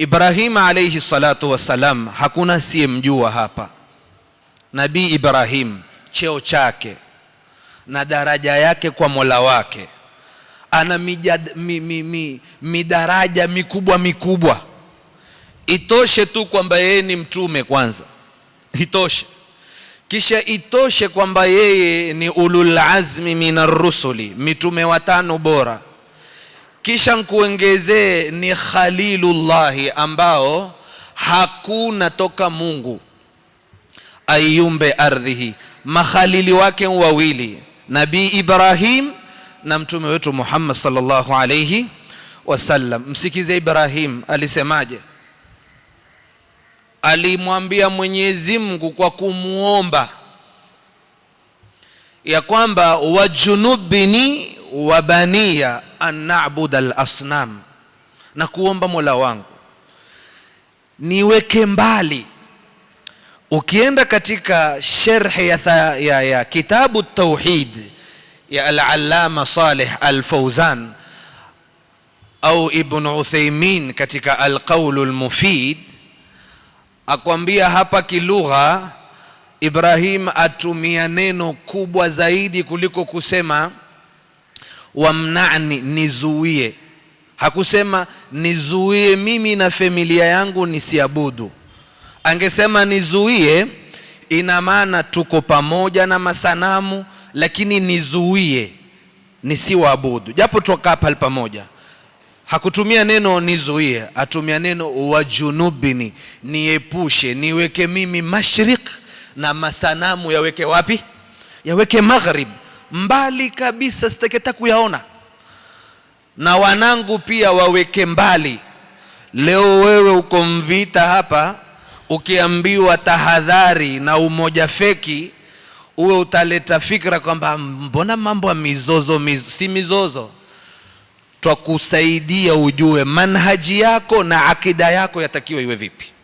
ibrahim alayhi salatu wassalam, hakuna asiyemjua hapa. Nabii Ibrahim, cheo chake na daraja yake kwa Mola wake, ana mijad, mi, mi, mi, midaraja mikubwa mikubwa. Itoshe tu kwamba yeye ni mtume kwanza, itoshe kisha itoshe kwamba yeye ni ulul azmi minar rusuli, mitume watano bora kisha nkuongezee ni khalilullahi ambao hakuna toka Mungu ayumbe hii makhalili wake wawili, Nabii Ibrahim na mtume wetu Muhammad sallallahu alayhi wasallam. Msikize Ibrahim alisemaje? Alimwambia Mwenyezi Mungu kwa kumwomba ya kwamba wajunubini wa baniya an na'budu al-asnam, na kuomba Mola wangu niweke mbali. Ukienda katika sherhe ya, ya, ya kitabu tauhid ya al-allama Saleh al au Ibn Uthaymin katika al-qawl al-mufid akwambia hapa kilugha Ibrahim atumia neno kubwa zaidi kuliko kusema wamnani, nizuie. Hakusema nizuie mimi na familia yangu nisiabudu. Angesema nizuie, ina maana tuko pamoja na masanamu, lakini nizuie nisiwaabudu, japo tukaa pale pamoja. Hakutumia neno nizuie, atumia neno wajunubini, niepushe, niweke mimi mashrik na masanamu yaweke wapi? Yaweke maghrib mbali kabisa, sitakataa kuyaona, na wanangu pia waweke mbali. Leo wewe uko Mvita hapa, ukiambiwa tahadhari na umoja feki, uwe utaleta fikra kwamba mbona mambo ya mizozo miz, si mizozo twakusaidia ujue manhaji yako na akida yako yatakiwa iwe vipi.